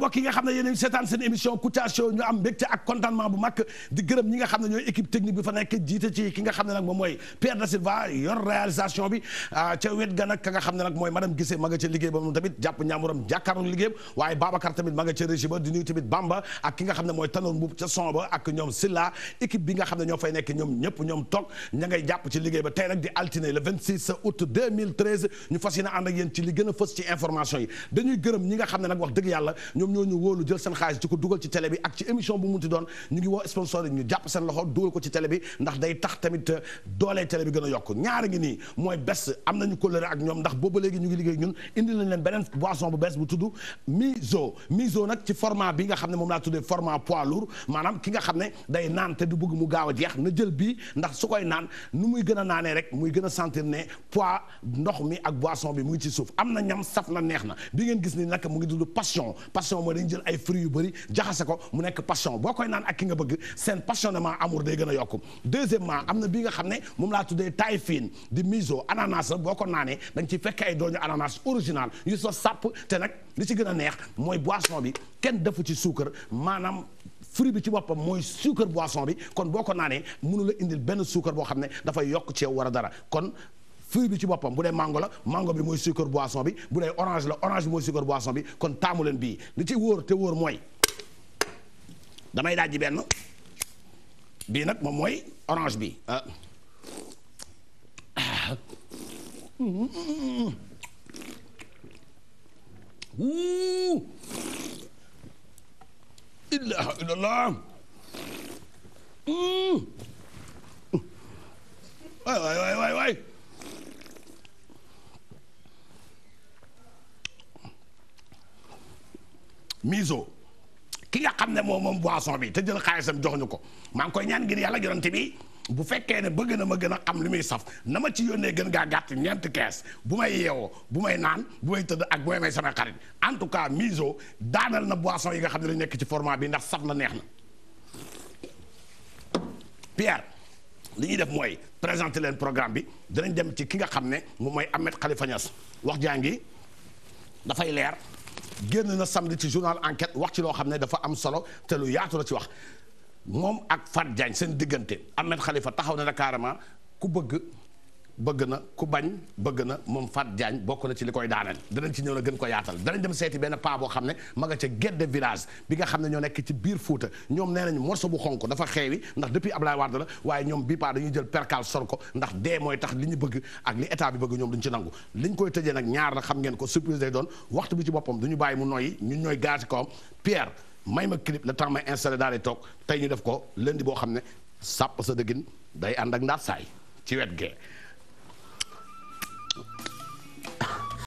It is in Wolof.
mbokk yi nga xam ne yéen a ngi seetaan seen émission Kouthia Show ñu am mbégte ak contentement bu mag di gërëm ñi nga xam ne ñooy équipe technique bi fa nekk jiite ci ki nga xam ne nag moom mooy Pierre da Silva yor réalisation bi ah, ca wet ga nag ka nga xam ne nag mooy madame Guissé ma nga ca liggéey ba moom tamit jàpp ñaamuram jàkkaarloo liggéeyam waaye Babacar tamit ma nga ca régie ba di nuyu tamit Bamba ak ki nga xam ne mooy tanoon bu ca son ba ak ñoom Silla équipe bi nga xam ne ñoo fay nekk ñoom ñëpp ñoom toog ña ngay jàpp ci liggéey ba tey nag di altine le 26 août 2013 ñu fas yéene ànd ak yéen ci li gën a fës ci information yi dañuy gërëm ñi nga xam ne nag wax dëgg yàlla ñoom ñoom ñoo ñu wóolu jël seen xaalis di ko dugal ci tele bi ak ci émission bu munti doon ñu ngi woo sponsor yi ñu jàpp seen loxo dugal ko ci télé bi ndax day tax tamit euh, doolee tele bi gën a yokk ñaari ngi nii mooy bés am nañu kóllëre ak ñoom ndax boobu léegi ñu ngi liggéey ñun indi lañ leen beneen boison bu bees bu tudd miso miso nag ci format bi nga xam ne moom laa tuddee format pois lourd maanaam ki nga xam ne day naan te du bugg mu gaaw a jeex na jël bii ndax su koy naan nu muy gën a naanee rek muy gën a sentir ne poids ndox mi ak boisson bi mu ci suuf am na ñam saf na neex na bi ngeen gis ni nag mu ngi tudd passion passion mooy dañ jël ay fruits yu bëri jaxase ko mu nekk passion boo koy naan ak ki nga bëgg seen passionnément amour day gën a yokku deuxièmement am na bi nga xam ne moom laa tuddee taïfine di miso ananas la boo ko naanee da nga ci fekk ay dooñu ananas original yu sa sàpp te nag li ci gën a neex mooy boisson bi kenn defu ci suukar maanaam fruit bi ci boppam mooy suukar boisson bi kon boo ko naanee mënu la indil benn suukar boo xam ne dafay yokk ceew war a dara fruit bi ci boppam bu dee mango la mango bi mooy sucre boisson bi bu dee orange la orange bi mooy sucre boisson bi kon taamu leen bii li ci wóor te wóor mooy damay daaj ji benn bii nag moom mooy orange bi ah. illaaha illallaah waay waay waay miso ki nga xam ne moom moom boisson bi te jël xaalisam jox ñu ko maa ngi koy ñaan ngir yàlla yonante bi bu fekkee ne bëgg na ma gën a xam li muy saf na ma ci yónnee gën ngaa gàtt ñeenti kees bu may yeewoo bu may naan bu tëdd ak bu may may sama xarit en tout cas miso daanal na boisson yi nga xam ne dañ nekk ci format bi ndax saf na neex na Pierre li ñuy def mooy présenter leen programme bi danañ dem ci ki nga xam ne moom may Ahmed Khalifa Niass wax jaa dafay leer génn na samedi ci journal enquête wax ci loo xam ne dafa am solo te lu yaatu la ci wax moom ak Fat Diagne seen diggante Ahmed Khalifa taxaw na ne carrément ku bëgg bëgg na ku bañ bëgg na moom Fat jaañ bokk na ci li koy daaneel danañ ci ñëw na gën ko yaatal danañ dem seeti benn paa boo xam ne ma nga ca Guédé village bi nga xam ne ñoo nekk ci biir Fuuta ñoom nee nañ morso bu xonk dafa xeewi ndax depuis Abdoulaye Wade la waaye ñoom bi paa dañuy jël percal sor ko ndax dee mooy tax li ñu bëgg ak li état bi bëgg ñoom duñ ci nangu liñ koy tëjee nag ñaar na xam ngeen ko surprise day doon waxtu bi ci boppam duñu bàyyi mu noyyi ñun ñooy gaasi kawam Pierre may ma clip le temps may installé daal toog tey ñu def ko lundi boo xam ne sàpp sa dëggin day ànd ak ndaat saay ci wet gee